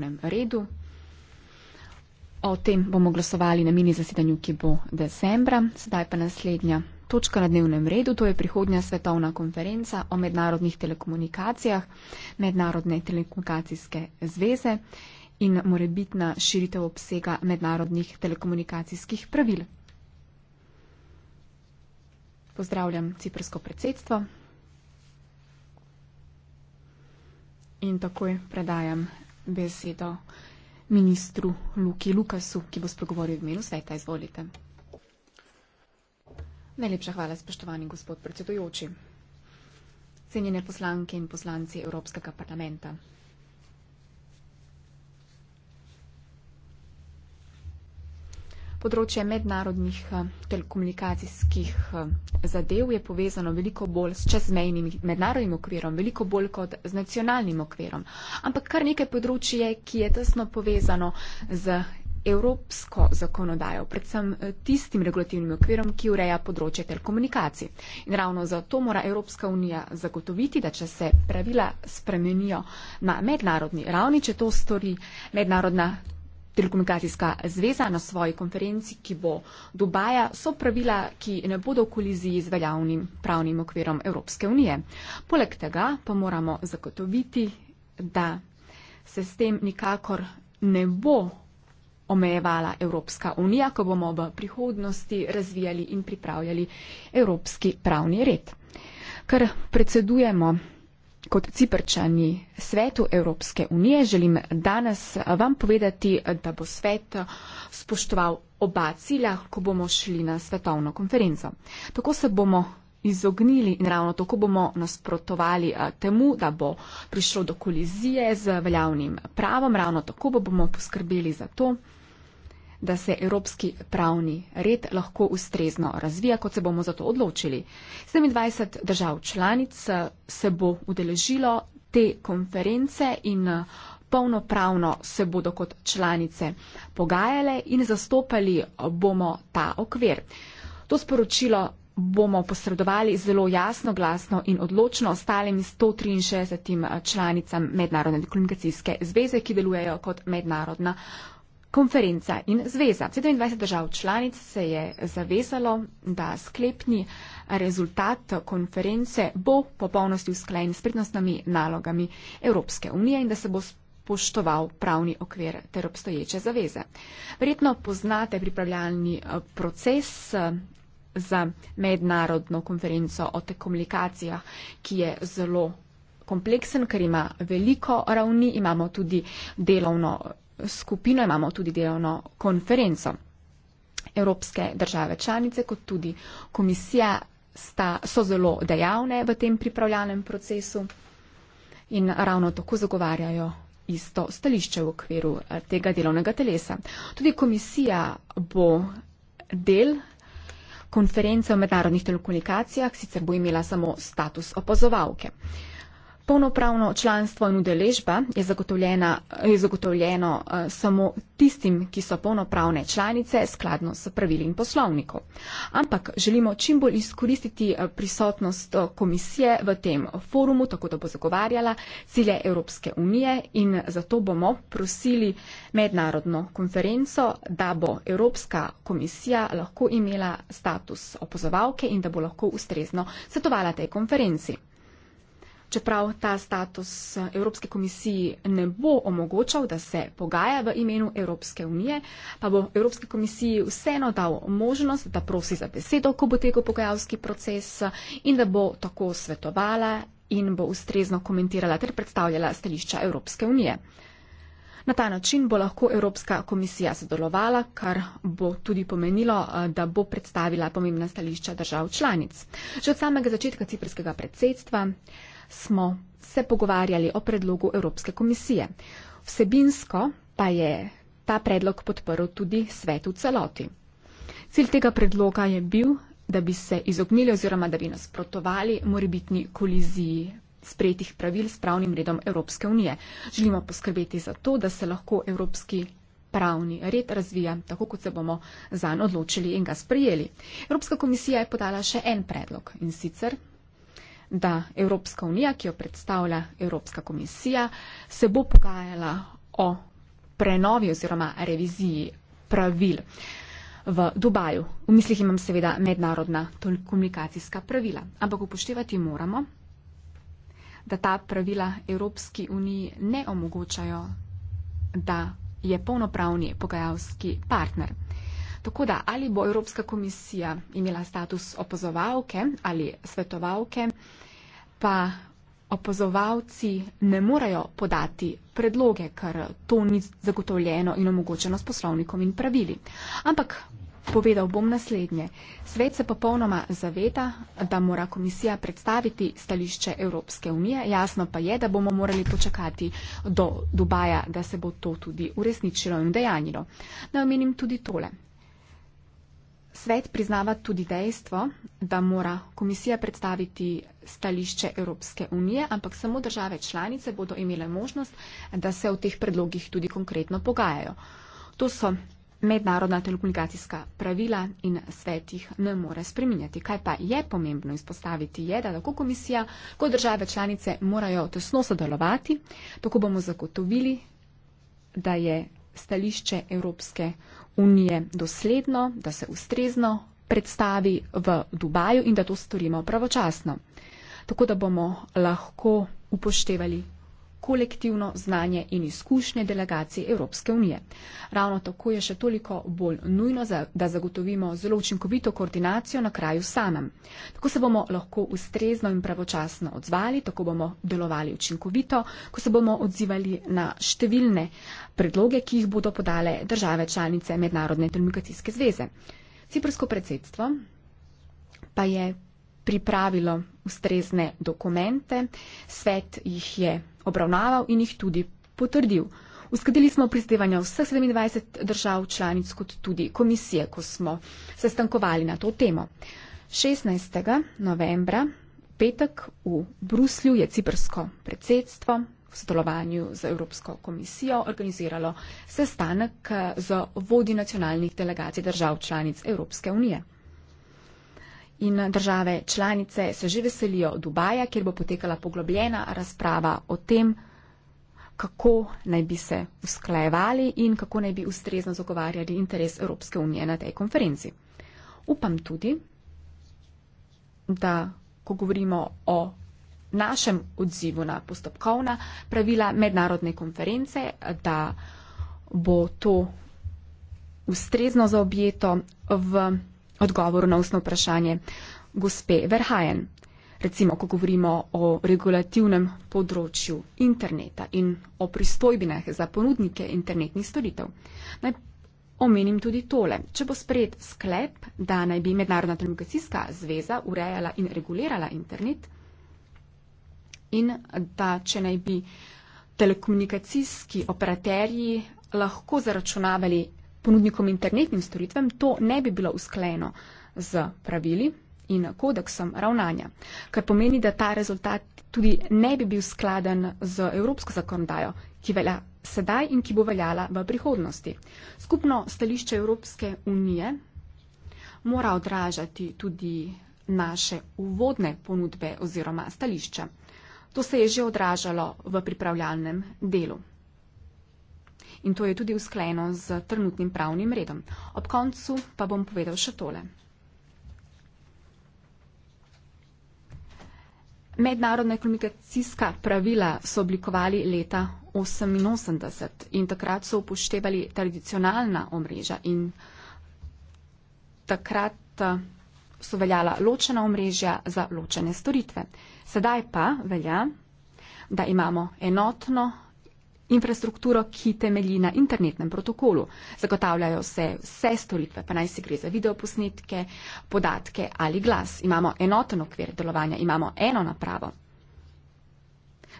dnevnem redu. O tem bomo glasovali na mini zasedanju, ki bo decembra. Sedaj pa naslednja točka na dnevnem redu, to je prihodnja svetovna konferenca o mednarodnih telekomunikacijah, mednarodne telekomunikacijske zveze in morebitna širitev obsega mednarodnih telekomunikacijskih pravil. Pozdravljam ciprsko predsedstvo in takoj predajam besedo ministru Luki Lukasu, ki bo spregovoril v imenu sveta. Izvolite. Najlepša hvala, spoštovani gospod predsedujoči. Cenjene poslanke in poslanci Evropskega parlamenta. Področje mednarodnih eh, telekomunikacijskih eh, zadev je povezano veliko bolj s čezmejnim mednarodnim okvirom, veliko bolj kot z nacionalnim okvirom. Ampak kar nekaj področje, ki je tesno povezano z evropsko zakonodajo, predvsem eh, tistim regulativnim okvirom, ki ureja področje telekomunikacij. In ravno zato mora Evropska unija zagotoviti, da če se pravila spremenijo na mednarodni ravni, če to stori mednarodna Telekomunikacijska zveza na svoji konferenci, ki bo Dubaja, so pravila, ki ne bodo v koliziji z veljavnim pravnim okvirom Evropske unije. Poleg tega pa moramo zagotoviti, da se s tem nikakor ne bo omejevala Evropska unija, ko bomo v prihodnosti razvijali in pripravljali evropski pravni red. Ker predsedujemo kot ciprčani svetu Evropske unije želim danes vam povedati, da bo svet spoštoval oba cilja, ko bomo šli na svetovno konferenco. Tako se bomo izognili in ravno tako bomo nasprotovali temu, da bo prišlo do kolizije z veljavnim pravom, ravno tako bomo poskrbeli za to, da se evropski pravni red lahko ustrezno razvija, kot se bomo zato odločili. 27 držav članic eh, se bo udeležilo te konference in eh, polnopravno se bodo kot članice pogajale in zastopali eh, bomo ta okvir. To sporočilo bomo posredovali zelo jasno, glasno in odločno ostalim 163 članicam Mednarodne komunikacijske zveze, ki delujejo kot mednarodna konferenca in zveza. 27 držav članic se je zavezalo, da sklepni rezultat konference bo popolnosti usklajen s prednostnimi nalogami Evropske unije in da se bo poštoval pravni okvir ter obstoječe zaveze. Verjetno poznate pripravljalni eh, proces eh, za mednarodno konferenco o telekomunikacijah, ki je zelo kompleksen, ker ima veliko ravni, imamo tudi delovno skupino imamo tudi delovno konferenco. Evropske države članice, kot tudi komisija, sta, so zelo dejavne v tem pripravljalnem procesu in ravno tako zagovarjajo isto stališče v okviru eh, tega delovnega telesa. Tudi komisija bo del konference o mednarodnih telekomunikacijah, sicer bo imela samo status opozovalke. Uh, Polnopravno članstvo in udeležba je, je zagotovljeno eh, samo tistim, ki so polnopravne članice skladno s pravili in poslovnikom. Ampak želimo čim bolj izkoristiti eh, prisotnost eh, komisije v tem forumu, tako da bo zagovarjala cilje Evropske unije in zato bomo prosili mednarodno konferenco, da bo Evropska komisija lahko imela status opozovalke in da bo lahko ustrezno svetovala tej konferenci. Čeprav ta status eh, Evropske komisiji ne bo omogočal, da se pogaja v imenu Evropske unije, pa bo Evropske komisiji vseeno dal možnost, da prosi za besedo, ko bo tekel pogajalski proces in da bo tako svetovala in bo ustrezno komentirala ter predstavljala stališča Evropske unije. Na ta način bo lahko Evropska komisija sodelovala, kar bo tudi pomenilo, eh, da bo predstavila pomembna stališča držav članic. Že od samega začetka ciprskega predsedstva smo se pogovarjali o predlogu Evropske komisije. Vsebinsko pa je ta predlog podprl tudi svet v celoti. Cilj tega predloga je bil, da bi se izognili oziroma da bi nasprotovali morebitni koliziji sprejetih pravil s pravnim redom Evropske unije. Želimo poskrbeti za to, da se lahko evropski pravni red razvija tako, kot se bomo zanj odločili in ga sprejeli. Evropska komisija je podala še en predlog in sicer da Evropska unija, ki jo predstavlja Evropska komisija, se bo pogajala o prenovi oziroma reviziji pravil v Dubaju. V mislih imam seveda mednarodna komunikacijska pravila, ampak upoštevati moramo, da ta pravila Evropski uniji ne omogočajo, da je polnopravni pogajalski partner. Tako da ali bo Evropska komisija imela status opozovalke ali svetovalke, pa opozovalci ne morejo podati predloge, ker to ni zagotovljeno in omogočeno s poslovnikom in pravili. Ampak povedal bom naslednje. Svet se popolnoma zaveda, da mora komisija predstaviti stališče Evropske unije. Jasno pa je, da bomo morali počakati do Dubaja, da se bo to tudi uresničilo in dejanjilo. Naj omenim tudi tole. Svet priznava tudi dejstvo, da mora komisija predstaviti stališče Evropske unije, ampak samo države članice bodo imele možnost, da se o teh predlogih tudi konkretno pogajajo. To so mednarodna telekomunikacijska pravila in svet jih ne more spreminjati. Kaj pa je pomembno izpostaviti, je, da tako komisija kot države članice morajo tesno sodelovati, tako bomo zagotovili, da je stališče Evropske unije unije dosledno, da se ustrezno predstavi v Dubaju in da to storimo pravočasno. Tako da bomo lahko upoštevali kolektivno znanje in izkušnje delegacij Evropske unije. Ravno tako je še toliko bolj nujno, da zagotovimo zelo učinkovito koordinacijo na kraju samem. Tako se bomo lahko ustrezno in pravočasno odzvali, tako bomo delovali učinkovito, ko se bomo odzivali na številne predloge, ki jih bodo podale države članice Mednarodne telekomunikacijske zveze. Ciprsko predsedstvo pa je pripravilo ustrezne dokumente, svet jih je obravnaval in jih tudi potrdil. Uskladili smo prizadevanja vseh 27 držav članic, kot tudi komisije, ko smo se stankovali na to temo. 16. novembra, petek v Bruslju, je ciprsko predsedstvo v sodelovanju z Evropsko komisijo organiziralo sestanek eh, z vodi nacionalnih delegacij držav članic Evropske unije in države članice se že veselijo Dubaja, kjer bo potekala poglobljena razprava o tem, kako naj bi se usklajevali in kako naj bi ustrezno zagovarjali interes Evropske unije na tej konferenci. Upam tudi, da ko govorimo o našem odzivu na postopkovna pravila mednarodne konference, da bo to ustrezno zaobjeto v odgovoru na osno vprašanje gospe Verhajen. Recimo, ko govorimo o regulativnem področju interneta in o pristojbinah za ponudnike internetnih storitev. Naj omenim tudi tole. Če bo sprejet sklep, da naj bi Mednarodna telekomunikacijska zveza urejala in regulirala internet in da če naj bi telekomunikacijski operaterji lahko zaračunavali ponudnikom internetnim storitvam to ne bi bilo uskleno z pravili in kodeksom ravnanja, kar pomeni, da ta rezultat tudi ne bi bil skladen z evropsko zakonodajo, ki velja sedaj in ki bo veljala v prihodnosti. Skupno stališče Evropske unije mora odražati tudi naše uvodne ponudbe oziroma stališča. To se je že odražalo v pripravljalnem delu in to je tudi usklajeno z trenutnim pravnim redom. Ob koncu pa bom povedal še tole. Mednarodna komunikacijska pravila so oblikovali leta 1988 in takrat so upoštevali tradicionalna omrežja in takrat eh, so veljala ločena omrežja za ločene storitve. Sedaj pa velja, da imamo enotno infrastrukturo, ki temelji na internetnem protokolu. Zagotavljajo se vse storitve, pa naj se gre za videoposnetke, podatke ali glas. Imamo enoten okvir delovanja, imamo eno napravo.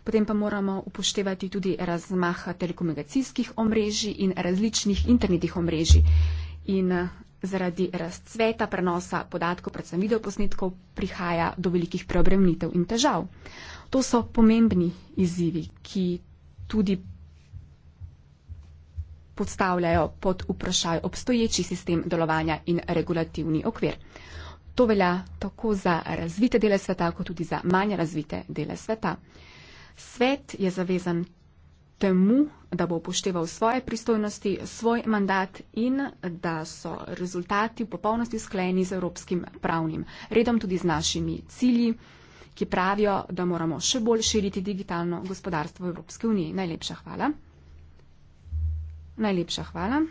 Potem pa moramo upoštevati tudi razmah telekomunikacijskih omrežij in različnih internetnih omrežij. In eh, zaradi razcveta prenosa podatkov, predvsem videoposnetkov, prihaja do velikih preobremenitev in težav. To so pomembni izzivi, ki tudi podstavljajo pod vprašaj obstoječi sistem delovanja in regulativni okvir. To velja tako za razvite dele sveta, kot tudi za manj razvite dele sveta. Svet je zavezan temu, da bo upošteval svoje pristojnosti, svoj mandat in da so rezultati v popolnosti sklenjeni z evropskim pravnim redom, tudi z našimi cilji, ki pravijo, da moramo še bolj širiti digitalno gospodarstvo v Evropske unije. Najlepša hvala. Najlepša hvala.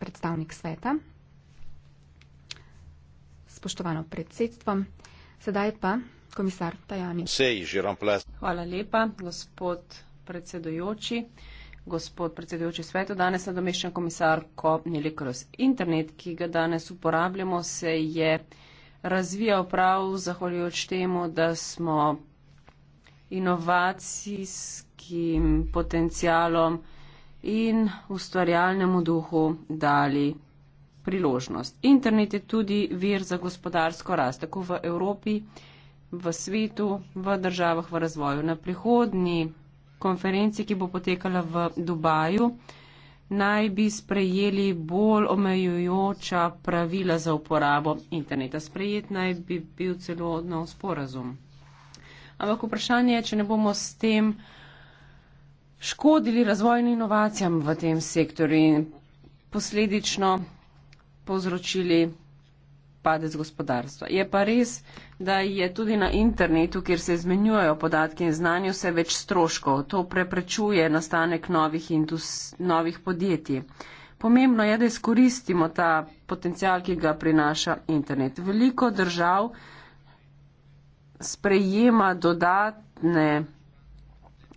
Predstavnik sveta. Spoštovano predsedstvo. Sedaj pa komisar Tajani. Hvala lepa, gospod predsedujoči. Gospod predsedujoči svetu, danes nadomeščam komisarko Nili Kroz. Internet, ki ga danes uporabljamo, se je razvijal prav zahvaljujoč temu, da smo inovacijskim potencialom in ustvarjalnemu duhu dali priložnost. Internet je tudi vir za gospodarsko rast, tako v Evropi, v svetu, v državah v razvoju. Na prihodnji konferenci, ki bo potekala v Dubaju, naj bi sprejeli bolj omejujoča pravila za uporabo interneta. Sprejet naj bi bil celo nov sporazum. Ampak vprašanje je, če ne bomo s tem škodili razvojnim inovacijam v tem sektorju in posledično povzročili padec gospodarstva. Je pa res, da je tudi na internetu, kjer se izmenjujejo podatki in znanje, vse več stroškov. To preprečuje nastanek novih, novih podjetij. Pomembno je, da izkoristimo ta potencial, ki ga prinaša internet. Veliko držav sprejema dodatne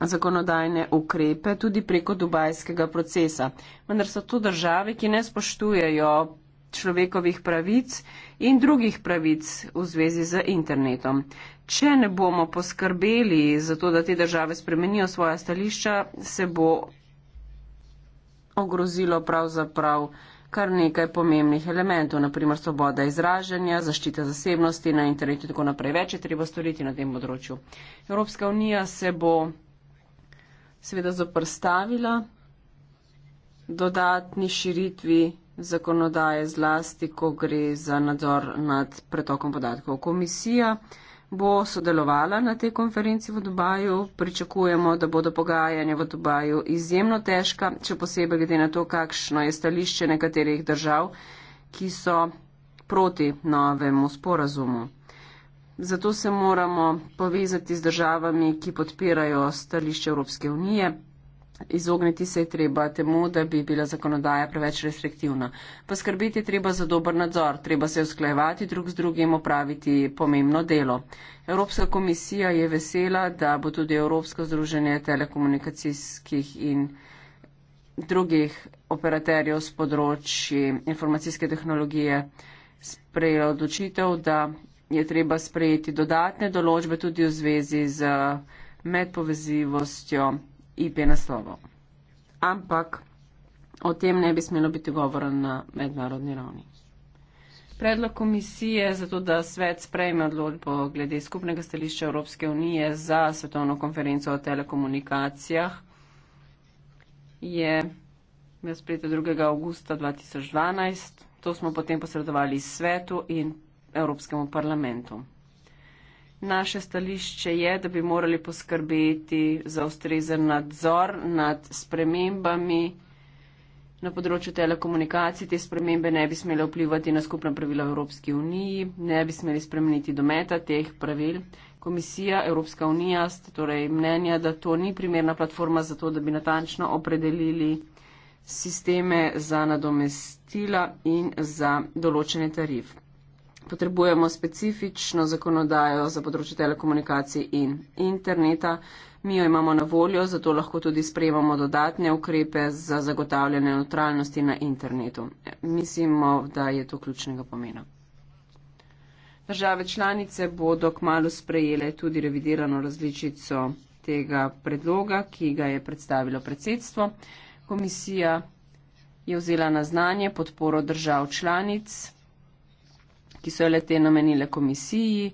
zakonodajne ukrepe tudi preko dubajskega procesa. Vendar so to države, ki ne spoštujejo človekovih pravic in drugih pravic v zvezi z internetom. Če ne bomo poskrbeli za to, da te države spremenijo svoja stališča, se bo ogrozilo pravzaprav kar nekaj pomembnih elementov, naprimer svoboda izražanja, zaščita zasebnosti na internetu in tako naprej. Več je treba storiti na tem področju. Evropska unija se bo seveda zoprstavila dodatni širitvi zakonodaje zlasti, ko gre za nadzor nad pretokom podatkov. Komisija bo sodelovala na tej konferenci v Dubaju. Pričakujemo, da bodo pogajanja v Dubaju izjemno težka, če posebej glede na to, kakšno je stališče nekaterih držav, ki so proti novemu sporazumu. Zato se moramo povezati z državami, ki podpirajo stališče Evropske unije. Izogniti se je treba temu, da bi bila zakonodaja preveč restriktivna. Poskrbeti je treba za dober nadzor, treba se usklajevati drug z drugim, opraviti pomembno delo. Evropska komisija je vesela, da bo tudi Evropsko združenje telekomunikacijskih in drugih operaterjev z področji informacijske tehnologije sprejela odločitev, da je treba sprejeti dodatne določbe tudi v zvezi z medpovezivostjo IP naslovov. Ampak o tem ne bi smelo biti govora na mednarodni ravni. Predlog komisije za to, da svet sprejme odločbo glede skupnega stališča Evropske unije za svetovno konferenco o telekomunikacijah, je bil sprejet 2. augusta 2012. To smo potem posredovali svetu in Evropskemu parlamentu. Naše stališče je, da bi morali poskrbeti za ustrezen nadzor nad spremembami na področju telekomunikacij. Te spremembe ne bi smele vplivati na skupna pravila Evropske unije, ne bi smeli spremeniti dometa teh pravil. Komisija, Evropska unija sta torej mnenja, da to ni primerna platforma za to, da bi natančno opredelili sisteme za nadomestila in za določene tarife potrebujemo specifično zakonodajo za področje telekomunikacij in interneta. Mi jo imamo na voljo, zato lahko tudi sprejemamo dodatne ukrepe za zagotavljanje neutralnosti na internetu. Mislimo, da je to ključnega pomena. Države članice bodo k malu sprejele tudi revidirano različico tega predloga, ki ga je predstavilo predsedstvo. Komisija je vzela na znanje podporo držav članic ki so jo lete namenile komisiji,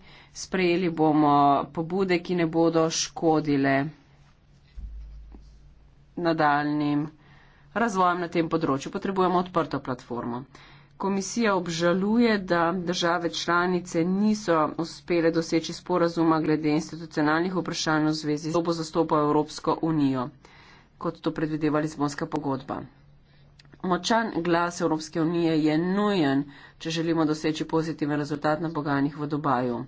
sprejeli bomo pobude, ki ne bodo škodile nadaljnim razvojem na tem področju. Potrebujemo odprto platformo. Komisija obžaluje, da države članice niso uspele doseči sporazuma glede institucionalnih vprašanj v zvezi z to bo zastopal Evropsko unijo, kot to predvideva Lizbonska pogodba. Močan glas Evropske unije je nujen, če želimo doseči pozitiven rezultat na pogajanjih v Dubaju.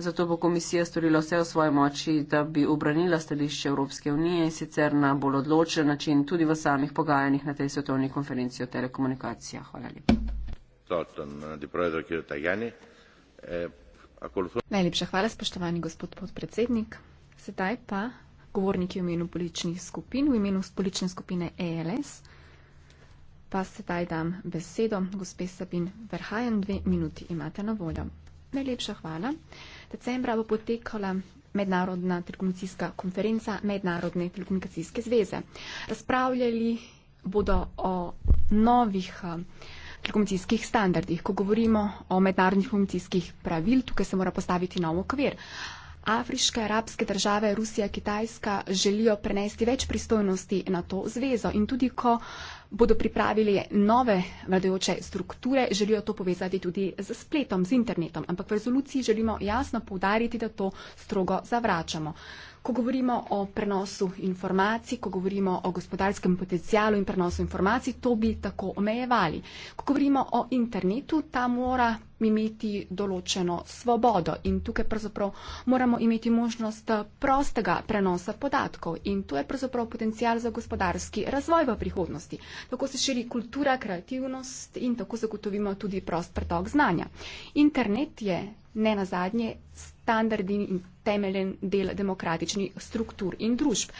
Zato bo komisija storila vse v svoji moči, da bi obranila stališče Evropske unije in sicer na bolj odločen način tudi v samih pogajanjih na tej svetovni konferenci o telekomunikacijah. Hvala lepa. Eh, eh, Najlepša hvala, spoštovani gospod podpredsednik. Sedaj pa govorniki v imenu političnih skupin, v imenu politične skupine ELS pa sedaj dam besedo gospe Sabin Verhajen, dve minuti imate na voljo. Najlepša hvala. Decembra bo potekala mednarodna telekomunikacijska konferenca Mednarodne telekomunikacijske zveze. Razpravljali bodo o novih eh, telekomunikacijskih standardih. Ko govorimo o mednarodnih telekomunikacijskih pravil, tukaj se mora postaviti nov okvir. Afriške, arabske države, Rusija, Kitajska želijo prenesti več pristojnosti na to zvezo in tudi ko bodo pripravili nove vladajoče strukture, želijo to povezati tudi z spletom, z internetom, ampak v rezoluciji želimo jasno povdariti, da to strogo zavračamo. Ko govorimo o prenosu informacij, ko govorimo o gospodarskem potencijalu in prenosu informacij, to bi tako omejevali. Ko govorimo o internetu, ta mora imeti določeno svobodo in tukaj pravzaprav moramo imeti možnost prostega prenosa podatkov in to je pravzaprav potencijal za gospodarski razvoj v prihodnosti tako se širi kultura, kreativnost in tako zagotovimo tudi prost pretok znanja. Internet je ne na zadnje standardin in temeljen del demokratičnih struktur in družb.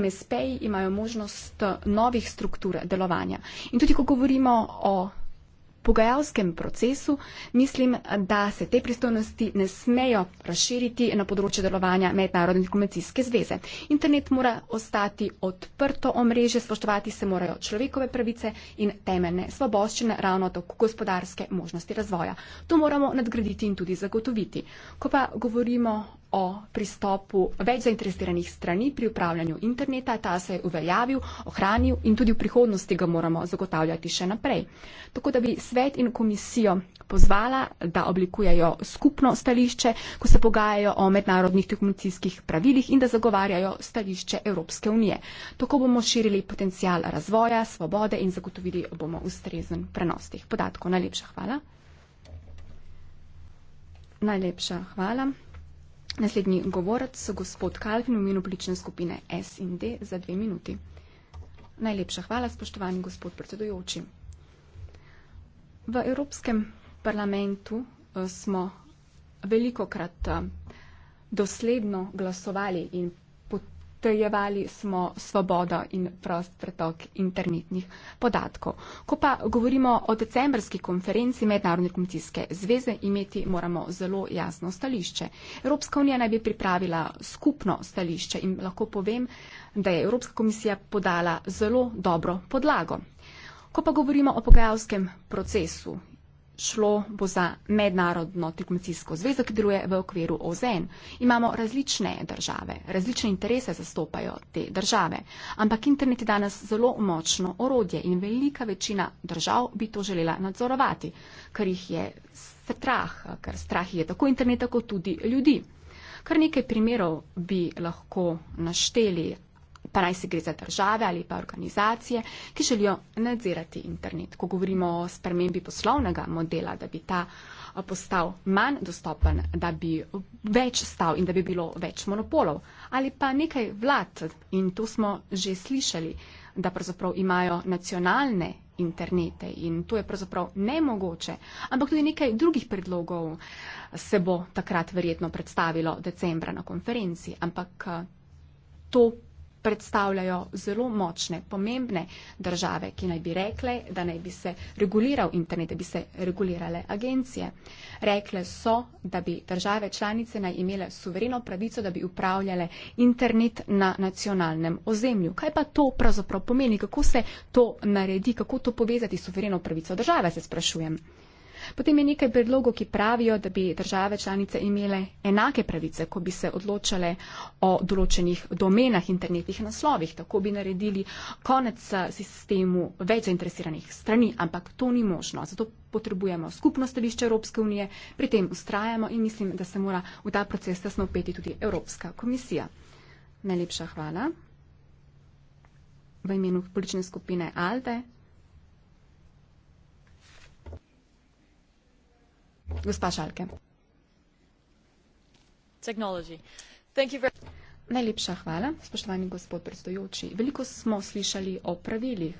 MSP imajo možnost novih struktur delovanja. In tudi, ko govorimo o pogajalskem procesu, mislim, da se te pristojnosti ne smejo razširiti na področje delovanja Mednarodne informacijske zveze. Internet mora ostati odprto omrežje, spoštovati se morajo človekove pravice in temeljne svoboščine, ravno tako gospodarske možnosti razvoja. To moramo nadgraditi in tudi zagotoviti. Ko pa govorimo o pristopu več zainteresiranih strani pri upravljanju interneta. Ta se je uveljavil, ohranil in tudi v prihodnosti ga moramo zagotavljati še naprej. Tako da bi svet in komisijo pozvala, da oblikujejo skupno stališče, ko se pogajajo o mednarodnih tehnologijskih pravilih in da zagovarjajo stališče Evropske unije. Tako bomo širili potencial razvoja, svobode in zagotovili bomo ustrezen prenos teh podatkov. Najlepša hvala. Najlepša hvala. Naslednji govorec, gospod Kalfin v imenu politične skupine S in D za dve minuti. Najlepša hvala, spoštovani gospod predsedujoči. V Evropskem parlamentu eh, smo velikokrat eh, dosledno glasovali in usklajevali smo svobodo in prost pretok internetnih podatkov. Ko pa govorimo o decembrski konferenci Mednarodne komisijske zveze, imeti moramo zelo jasno stališče. Evropska unija naj bi pripravila skupno stališče in lahko povem, da je Evropska komisija podala zelo dobro podlago. Ko pa govorimo o pogajalskem procesu šlo bo za mednarodno tekmecijsko zvezo, ki deluje v okviru OZN. Imamo različne države, različne interese zastopajo te države, ampak internet je danes zelo močno orodje in velika večina držav bi to želela nadzorovati, ker jih je strah, ker strah je tako interneta, kot tudi ljudi. Kar nekaj primerov bi lahko našteli, pa naj se gre za države ali pa organizacije, ki želijo nadzirati internet. Ko govorimo o spremembi poslovnega modela, da bi ta postal manj dostopen, da bi več stav in da bi bilo več monopolov ali pa nekaj vlad in to smo že slišali, da pravzaprav imajo nacionalne internete in to je pravzaprav nemogoče, ampak tudi nekaj drugih predlogov se bo takrat verjetno predstavilo decembra na konferenci, ampak to predstavljajo zelo močne, pomembne države, ki naj bi rekle, da naj bi se reguliral internet, da bi se regulirale agencije. Rekle so, da bi države članice naj imele suvereno pravico, da bi upravljale internet na nacionalnem ozemlju. Kaj pa to pravzaprav pomeni? Kako se to naredi? Kako to povezati s suvereno pravico države, se sprašujem. Potem je nekaj predlogov, ki pravijo, da bi države članice imele enake pravice, ko bi se odločale o določenih domenah internetnih naslovih. Tako bi naredili konec eh, sistemu več zainteresiranih strani, ampak to ni možno. Zato potrebujemo skupno stališče Evropske unije, pri tem ustrajamo in mislim, da se mora v ta proces tesno upeti tudi Evropska komisija. Najlepša hvala. V imenu politične skupine ALDE Gospa Šalke. Najlepša hvala, spoštovani gospod predstojoči. Veliko smo slišali o pravilih,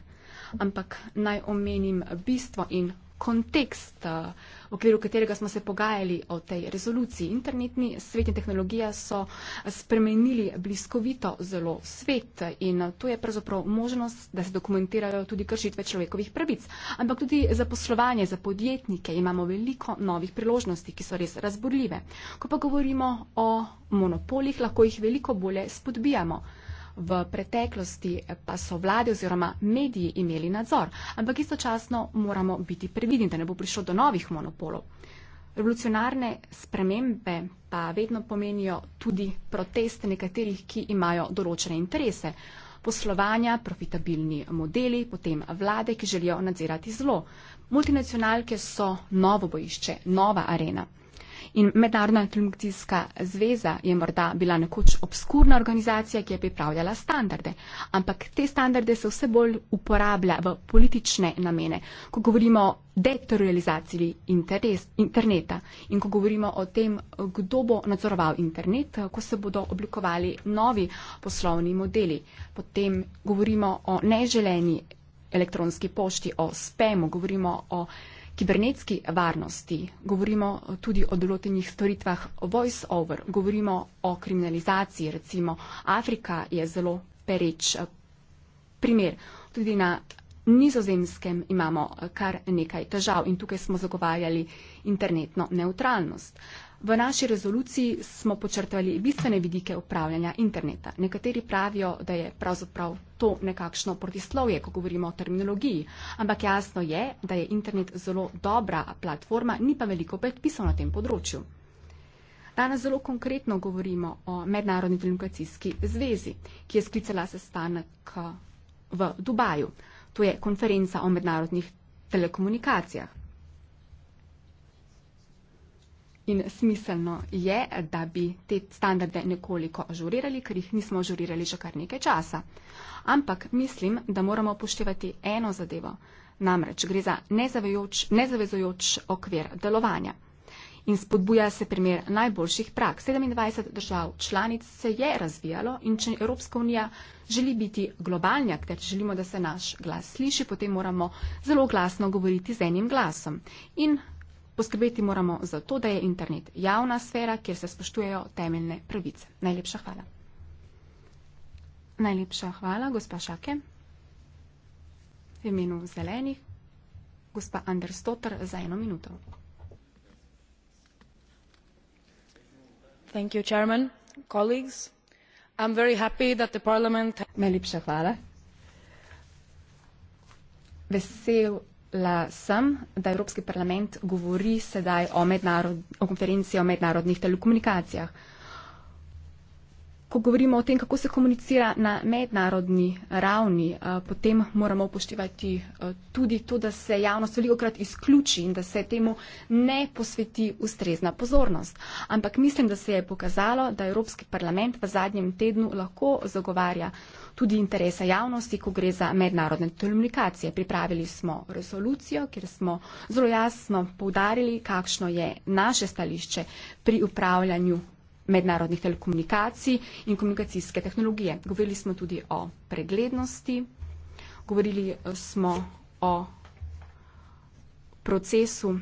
ampak naj omenim bistvo in kontekst, eh, v okviru katerega smo se pogajali o tej rezoluciji. Internetni svet in tehnologija so spremenili bliskovito zelo svet in to je pravzaprav možnost, da se dokumentirajo tudi kršitve človekovih pravic. Ampak tudi za poslovanje, za podjetnike imamo veliko novih priložnosti, ki so res razborljive. Ko pa govorimo o monopolih, lahko jih veliko bolje spodbijamo v preteklosti pa so vlade oziroma mediji imeli nadzor, ampak istočasno moramo biti previdni, da ne bo prišlo do novih monopolov. Revolucionarne spremembe pa vedno pomenijo tudi proteste nekaterih, ki imajo določene interese. Poslovanja, profitabilni modeli, potem vlade, ki želijo nadzirati zlo. Multinacionalke so novo bojišče, nova arena. In Mednarodna filmska zveza je morda bila nekoč obskurna organizacija, ki je pripravljala standarde, ampak te standarde se vse bolj uporablja v politične namene, ko govorimo o deterializaciji interes, interneta in ko govorimo o tem, kdo bo nadzoroval internet, ko se bodo oblikovali novi poslovni modeli. Potem govorimo o neželeni elektronski pošti, o spemu, govorimo o kibernetski varnosti, govorimo tudi o določenih storitvah voice over, govorimo o kriminalizaciji, recimo Afrika je zelo pereč eh, primer. Tudi na nizozemskem imamo eh, kar nekaj težav in tukaj smo zagovarjali internetno neutralnost. Uh, V naši rezoluciji smo počrtali bistvene vidike upravljanja interneta. Nekateri pravijo, da je pravzaprav to nekakšno protislovje, ko govorimo o terminologiji, ampak jasno je, da je internet zelo dobra platforma, ni pa veliko predpisov na tem področju. Danes zelo konkretno govorimo o Mednarodni telekomunikacijski zvezi, ki je sklicala sestanek eh, v Dubaju. To je konferenca o mednarodnih telekomunikacijah. In smiselno je, da bi te standarde nekoliko ažurirali, ker jih nismo ažurirali že kar nekaj časa. Ampak mislim, da moramo upoštevati eno zadevo, namreč gre za nezavezujoč, nezavezujoč okvir delovanja. In spodbuja se primer najboljših prak. 27 držav članic se je razvijalo in če Evropska unija želi biti globalnjak, ker želimo, da se naš glas sliši, potem moramo zelo glasno govoriti z enim glasom. In Poskrbeti moramo za to, da je internet javna sfera, kjer se spoštujejo temeljne pravice. Najlepša hvala. Najlepša hvala, gospa Šake. V imenu zelenih, gospa Anderstotr, za eno minuto. Thank you, chairman, colleagues. I'm very happy that the parliament... Najlepša hvala. Vesel Hvala sem, da Evropski parlament govori sedaj o, o konferenci o mednarodnih telekomunikacijah ko govorimo o tem, kako se komunicira na mednarodni ravni, eh, potem moramo upoštevati eh, tudi to, da se javnost veliko krat izključi in da se temu ne posveti ustrezna pozornost. Ampak mislim, da se je pokazalo, da Evropski parlament v zadnjem tednu lahko zagovarja tudi interesa javnosti, ko gre za mednarodne telekomunikacije. Pripravili smo resolucijo, kjer smo zelo jasno povdarili, kakšno je naše stališče pri upravljanju mednarodnih telekomunikacij in komunikacijske tehnologije. Govorili smo tudi o preglednosti, govorili eh, smo o procesu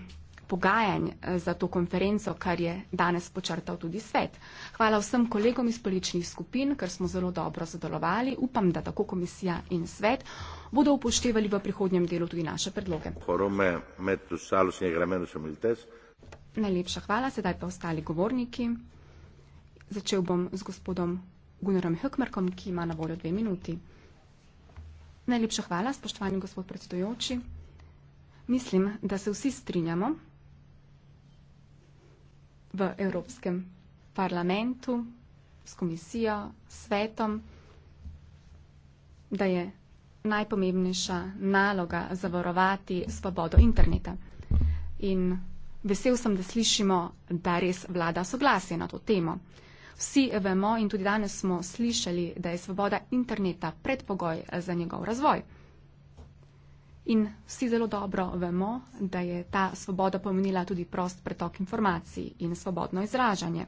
pogajanj eh, za to konferenco, kar je danes počrtal tudi svet. Hvala vsem kolegom iz političnih skupin, ker smo zelo dobro sodelovali. Upam, da tako komisija in svet bodo upoštevali v prihodnjem delu tudi naše predloge. Najlepša hvala, sedaj pa ostali govorniki. Začel bom z gospodom Gunnarom Hökmarkom, ki ima na voljo dve minuti. Najlepša hvala, spoštovani gospod predsedujoči. Mislim, da se vsi strinjamo v Evropskem parlamentu, s komisijo, svetom, da je najpomembnejša naloga zavarovati svobodo interneta. In vesel sem, da slišimo, da res vlada soglasje na to temo. Vsi vemo in tudi danes smo slišali, da je svoboda interneta predpogoj za njegov razvoj. In vsi zelo dobro vemo, da je ta svoboda pomenila tudi prost pretok informacij in svobodno izražanje.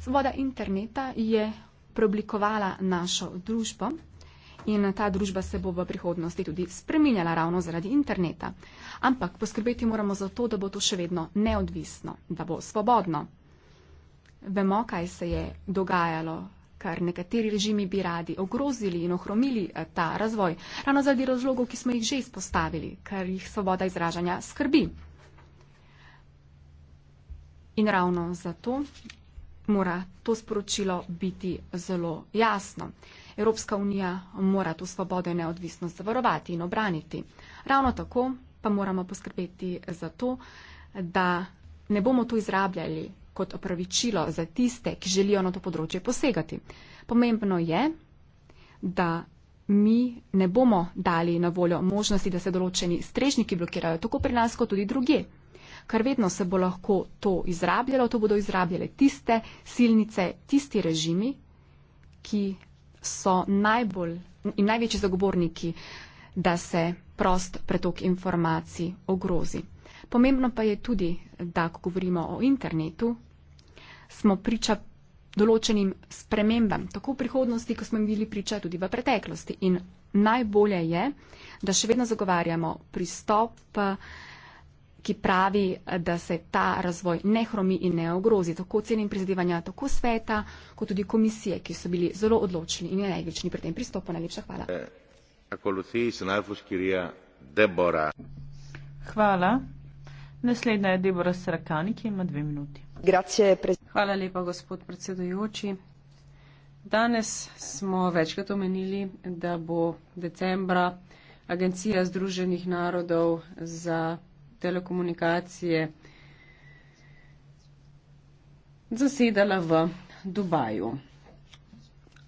Svoboda interneta je preoblikovala našo družbo in ta družba se bo v prihodnosti tudi spreminjala ravno zaradi interneta. Ampak poskrbeti moramo za to, da bo to še vedno neodvisno, da bo svobodno. Vemo, kaj se je dogajalo, kar nekateri režimi bi radi ogrozili in ohromili eh, ta razvoj. Ravno zaradi razlogov, ki smo jih že izpostavili, kar jih svoboda izražanja skrbi. In ravno zato mora to sporočilo biti zelo jasno. Evropska unija mora to svobodo in neodvisnost zavarovati in obraniti. Ravno tako pa moramo poskrbeti za to, da ne bomo to izrabljali kot opravičilo za tiste, ki želijo na to področje posegati. Pomembno je, da mi ne bomo dali na voljo možnosti, da se določeni strežniki blokirajo tako pri nas, kot tudi druge. Ker vedno se bo lahko to izrabljalo, to bodo izrabljale tiste silnice, tisti režimi, ki so najbolj in največji zagovorniki, da se prost pretok informacij ogrozi. Pomembno pa je tudi, da ko govorimo o internetu, smo priča določenim spremembam, tako v prihodnosti, kot smo jim bili priča tudi v preteklosti. In najbolje je, da še vedno zagovarjamo pristop, ki pravi, da se ta razvoj ne hromi in ne ogrozi. Tako cenim prizadevanja tako sveta, kot tudi komisije, ki so bili zelo odločni in energični pri tem pristopu. Najlepša hvala. Eh, hvala. Naslednja je Debora Srakani, ki ima dve minuti. Hvala lepa, gospod predsedujoči. Danes smo večkrat omenili, da bo decembra Agencija Združenih narodov za telekomunikacije zasedala v Dubaju.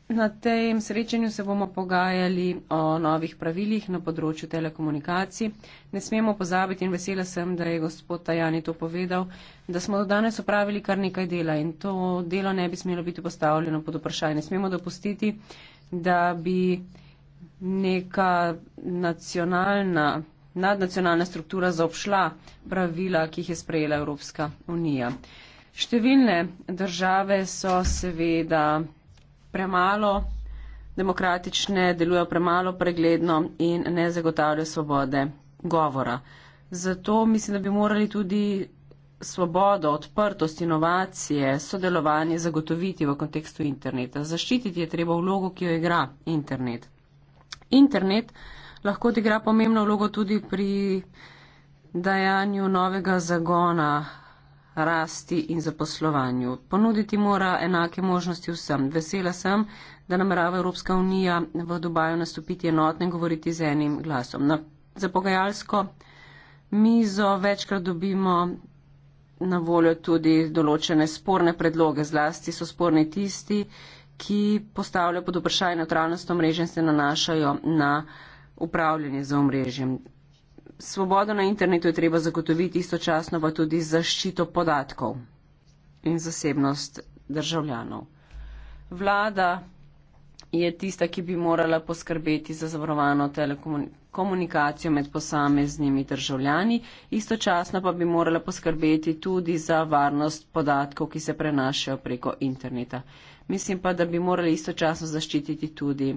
Na tem srečanju se bomo pogajali o novih pravilih na področju telekomunikacij. Ne smemo pozabiti in vesela sem, da je gospod Tajani to povedal, da smo do danes opravili kar nekaj dela in to delo ne bi smelo biti postavljeno pod vprašanje. Ne smemo dopustiti, da bi neka nacionalna, nadnacionalna struktura zaobšla pravila, ki jih je sprejela Evropska unija. Številne države so seveda premalo demokratične, delujejo premalo pregledno in ne zagotavljajo svobode govora. Zato mislim, da bi morali tudi svobodo, odprtost, inovacije, sodelovanje zagotoviti v kontekstu interneta. Zaščititi je treba vlogo, ki jo igra internet. Internet lahko odigra pomembno vlogo tudi pri dajanju novega zagona rasti in zaposlovanju. Ponuditi mora enake možnosti vsem. Vesela sem, da namerava Evropska unija v Dubaju nastopiti enotno in govoriti z enim glasom. Na, za pogajalsko mizo večkrat dobimo na voljo tudi določene sporne predloge. Zlasti so sporni tisti, ki postavljajo pod vprašanje neutralnost omrežja in se nanašajo na upravljanje za omrežjem svobodo na internetu je treba zagotoviti istočasno pa tudi zaščito podatkov in zasebnost državljanov. Vlada je tista, ki bi morala poskrbeti za zavarovano telekomunikacijo med posameznimi državljani, istočasno pa bi morala poskrbeti tudi za varnost podatkov, ki se prenašajo preko interneta. Mislim pa, da bi morali istočasno zaščititi tudi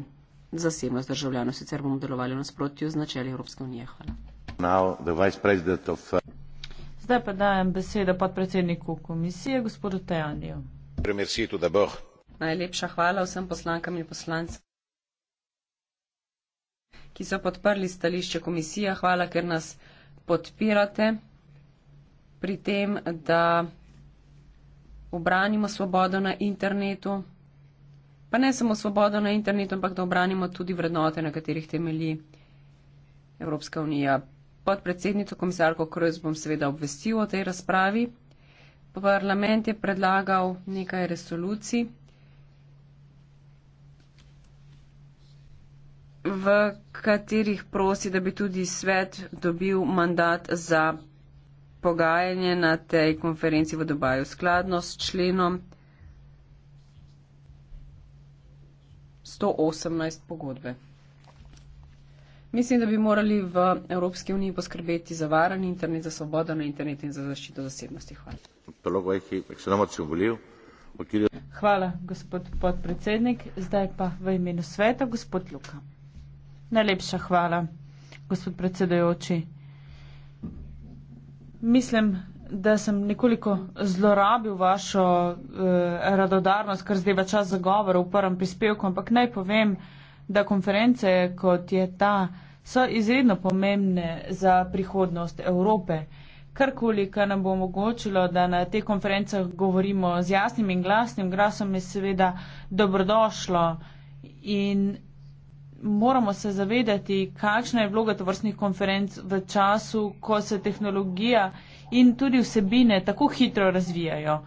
zasebnost državljanov, sicer bomo delovali v nasprotju z načeli Evropske unije. Hvala. Uh, Zdaj pa dajem besedo podpredsedniku komisije, gospodu Tajaniju. Najlepša hvala vsem poslankam in poslancem, ki so podprli stališče komisije. Hvala, ker nas podpirate pri tem, da obranimo svobodo na internetu. Pa ne samo svobodo na internetu, ampak da obranimo tudi vrednote, na katerih temelji Evropska unija podpredsednico komisarko Kroiz bom seveda obvestil o tej razpravi. Parlament je predlagal nekaj resolucij, v katerih prosi, da bi tudi svet dobil mandat za pogajanje na tej konferenci v Dubaju skladno s členom 118 pogodbe. Mislim, da bi morali v Evropski uniji poskrbeti za varen internet, za svobodo na internetu in za zaščito zasebnosti. Hvala. Hvala, gospod podpredsednik. Zdaj pa v imenu sveta, gospod Luka. Najlepša hvala, gospod predsedajoči. Mislim, da sem nekoliko zlorabil vašo eh, radodarnost, kar zdaj v čas zagovora v prvem prispevku, ampak naj povem, da konference kot je ta so izredno pomembne za prihodnost Evrope. Karkoli, kar nam bo omogočilo, da na teh konferencah govorimo z jasnim in glasnim glasom, je seveda dobrodošlo in moramo se zavedati, kakšna je vloga tovrstnih konferenc v času, ko se tehnologija in tudi vsebine tako hitro razvijajo.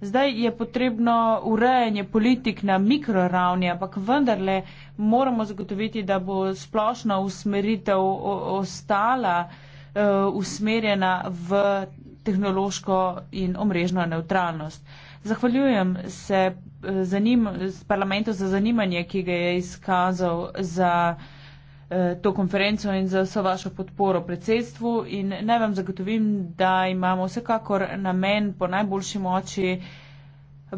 Zdaj je potrebno urejanje politik na mikroravni, ampak vendarle moramo zagotoviti, da bo splošna usmeritev ostala e, usmerjena v tehnološko in omrežno neutralnost. Zahvaljujem se e, zanim, parlamentu za zanimanje, ki ga je izkazal za. Eh, to konferenco in za vso vašo podporo predsedstvu in naj vam zagotovim, da imamo vsekakor namen po najboljši moči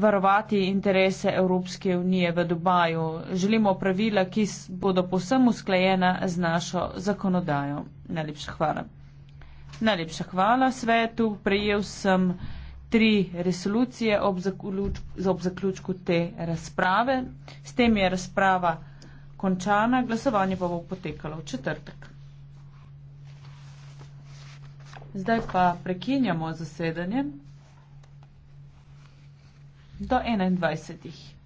varovati interese Evropske unije v Dubaju. Želimo pravila, ki bodo posem usklajena z našo zakonodajo. Najlepša hvala. Najlepša hvala svetu. Prejel sem tri resolucije ob zaključku, ob zaključku te razprave. S tem je razprava končana, glasovanje pa bo potekalo v četrtek. Zdaj pa prekinjamo zasedanje do 21.